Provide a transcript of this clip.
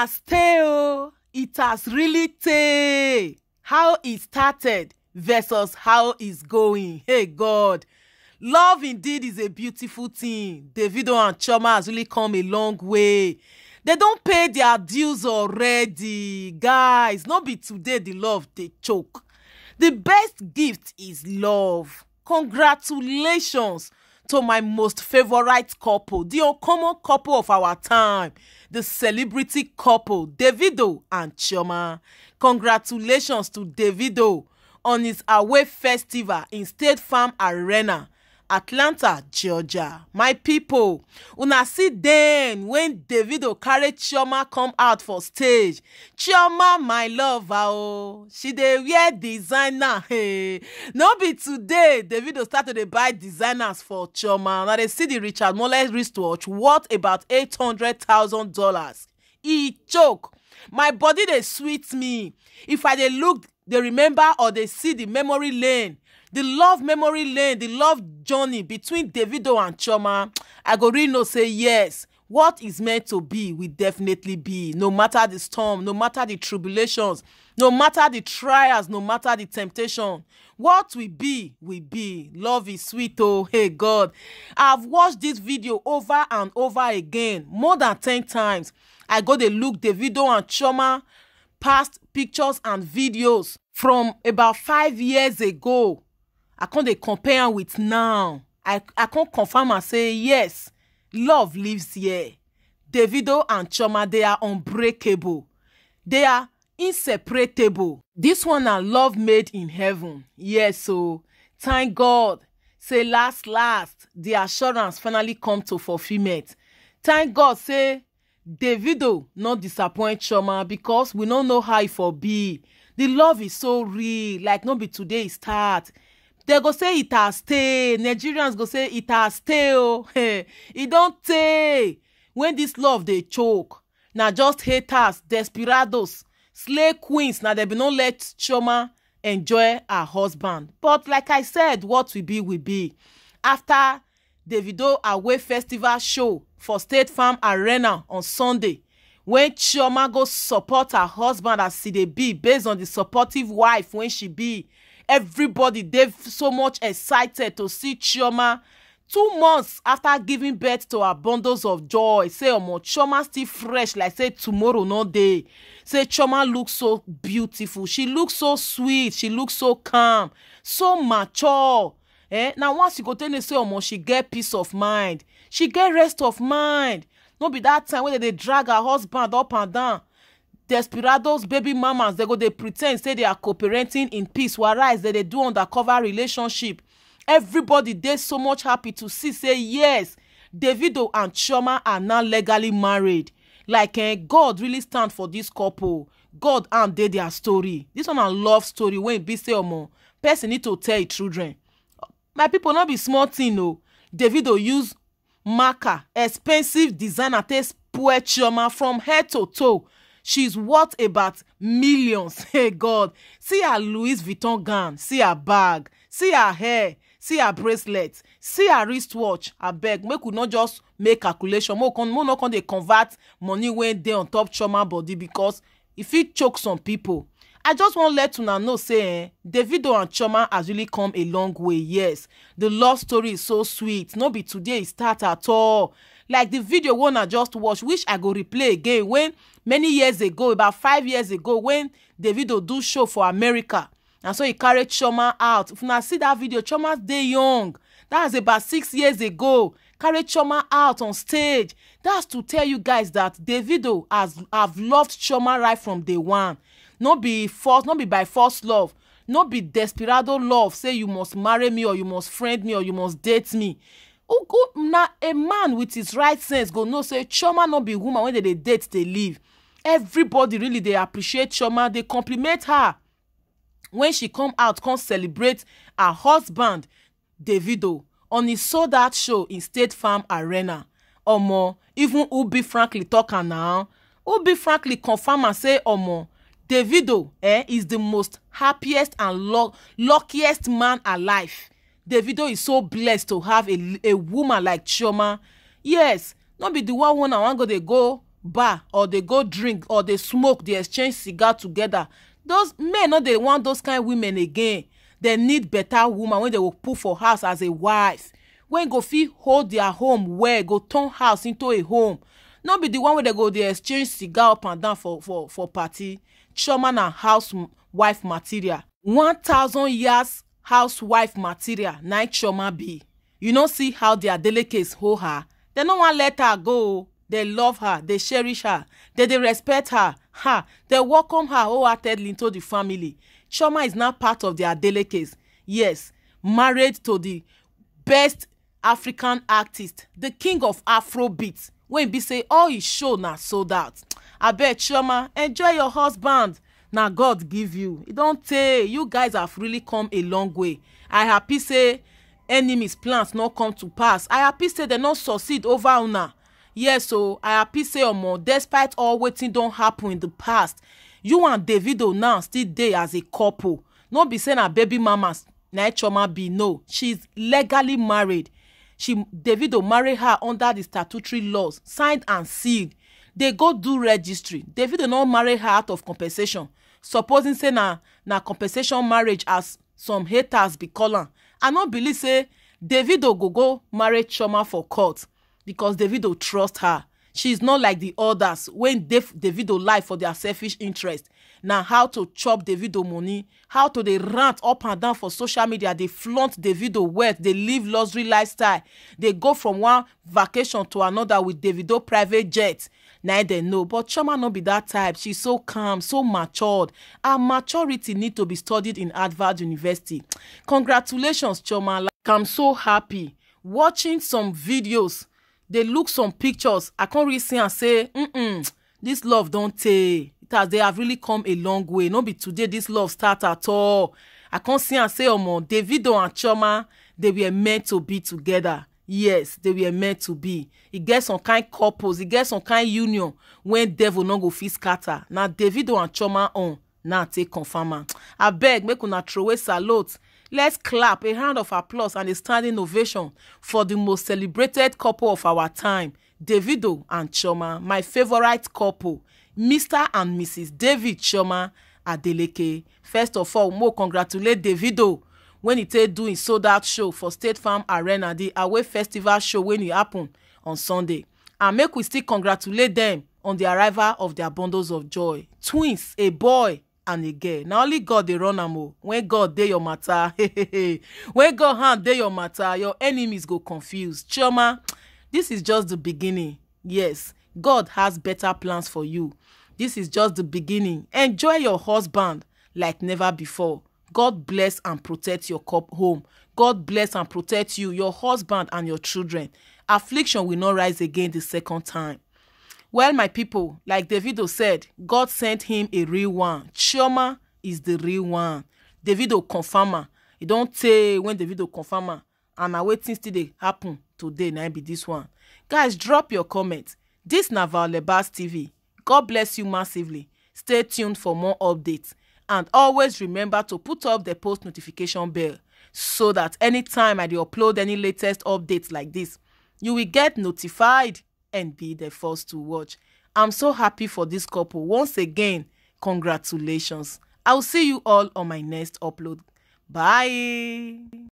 has tey o it has really tey how it started versus how it's going hey god love indeed is a beautiful thing davido and chioma has really come a long way they don pay their dues already guys no be today the love dey choke the best gift is love congratulations to my most favorite couple, the uncommon couple of our time, the celebrity couple, Davido and Chioma. Congratulations to Davido on his away festival in State Farm Arena atlanta georgia my pipo una see den wen davido carry chioma come out for stage chioma my lover o she dey wear designer hey. Eh. no be today davido start to dey buy designers for chioma na dey see di richard mole wristwatch worth about eight hundred thousand dollars e choke my body dey sweet me if i dey look they remember or they see the memory lane the love memory lane the love journey between davido and chioma i go really know say yes what is meant to be will definitely be no matter the storm no matter the tribulations no matter the trials no matter the temptation what will be will be love is sweet oh hey god i've watched this video over and over again more than ten times i go dey look davido and chioma past pictures and videos from about five years ago i con dey compare am with now i i con confirm am say yes love lives here davido and chioma they are unbreakable they are inseparable this one na love made in heaven yes o so, thank god say last last the assurance finally come to fulfilment thank god say davido no disappoint chioma because we no know how e for be the love is so real like no be today e start dem go say it has tey nigerians go say it has tey o e don tey when this love dey choke na just haters desperados slay queens na dem be no let chioma enjoy her husband but like i said what we be we be after davido away festival show for State Farm Arena on Sunday when Chioma go support her husband as e dey be based on the supportive wife wey she be everybody dey so much excited to see Chioma two months after giving birth to her bundles of joy say omo Chioma still fresh like say tomorrow no dey say Chioma look so beautiful she look so sweet she look so calm so mature eh na once you go tell me say omo she get peace of mind she get rest of mind no be that time wey dem dey drag her husband up and down desperados baby mamas dey go dey pretend say they are co-parenting in peace whereas dem dey do undercover relationship everybody dey so much happy to see say yes davido and chioma are now legally married like eh, god really stand for this couple god hand dey their story This one na love story wey e be say omo person need to tell e children my people no be small thing o oh. davido use marker expensive designer takes poor chioma from head to toe she's worth about millions hey god see her louis vuitton gown see her bag see her hair see her bracelet see her wristwatch abeg make we no just make calculation make we no come dey convert money wey dey on top chioma body because e fit choke some people i just wan let una know say eh, davido and Choma has really come a long way yes the love story is so sweet no be today e start at all like the video wey una just watch which i go replay again when many years ago about five years ago when davido do show for america and so he carried Choma out if una see that video Choma's day young that was about six years ago Carried Choma out on stage. That's to tell you guys that Davido has have loved Choma right from day one no be force no be by force love no be desperado love say you must marry me or you must friend me or you must date me who na a man with his right sense go know say chioma no be woman wey dey dey date dey live everybody really dey appreciate chioma dey compliment her when she come out come celebrate her husband davido on his sold out show in state farm arena omo even ubi frankly talk am na ubi frankly confirm am say omo davido eh, is the most happiest and lo luckiest man alive davido is so blessed to have a, a woman like chioma yes no be the one woman wan go dey go bar or dey go drink or dey smoke dey exchange cigar together those men no dey want those kind women again dem need better woman wey dey go put for house as a wife wey go fit hold their home well go turn house into a home no be the one wey dey go dey exchange cigar up and down for for for party chioma na housewife material one thousand years housewife material na chioma be you no see how their delicates hold her dem no wan let her go o dem love her dey cherish her dem dey respect her Ha. dem welcome her wholeheartedly into the family chioma is now part of their delicates yes married to the best african artist the king of afrobeat wey be say all oh, e show na sold out abeg chioma enjoy your husband na god give you e don tey you guys have really come a long way i happy say enemies plans no come to pass i happy say dem no succeed over una yes o oh, i happy say omo despite all wetin don happen in the past you and davido oh, now still dey as a couple no be say na baby mama na e chioma be no she's legally married she davido oh, marry her under the statutory laws signed and sealed dey go do registry davido no marry her out of compensation supposing say na na compensation marriage as some haters be call am i no believe say davido go go marry chioma for court because davido trust her she is not like the others wey dey davido lie for their selfish interest na how to chop davido money how to dey rant up and down for social media dey flaunt davido wealth dey live luxury lifestyle dey go from one vacation to another with davido private jet Neither dem know but chioma no be that type she so calm so matured her maturity need to be studied in harvard university congratulations chioma like i'm so happy watching some videos dey look some pictures i come really see am say mm -mm, this love don tey it has they have really come a long way no be today this love start at all i come see am say omo davido and chioma they were meant to be together yes they were meant to be e get some kind couples e get some kind union wen devil no go fit scatter na davido and chioma own na take confam am abeg make una throway salute let's clap a round of applause and a standing ovation for the most celebrated couple of our time davido and chioma my favourite couple mr and mrs david chioma adeleke first of all mo congratulate davido When e take do im e sold out show for state farm arena the away festival show when e happen on sunday and make we still congratulate dem on the arrival of their bundles of joy twins a boy and a girl na only god dey run am o wen god dey your matter when god hand dey your matter your enemies go confuse chioma this is just the beginning yes god has better plans for you this is just the beginning enjoy your husband like never before God bless and protect your home. God bless and protect you, your husband, and your children. Affliction will not rise again the second time. Well, my people, like Davido said, God sent him a real one. Chioma is the real one. Davido confirmer. You don't say when Davido confirmer. And I wait still they happen today. Now be this one. Guys, drop your comments. This Naval Lebas TV. God bless you massively. Stay tuned for more updates and always remember to put up the post notification bell so that anytime I upload any latest updates like this, you will get notified and be the first to watch. I'm so happy for this couple. Once again, congratulations. I'll see you all on my next upload. Bye.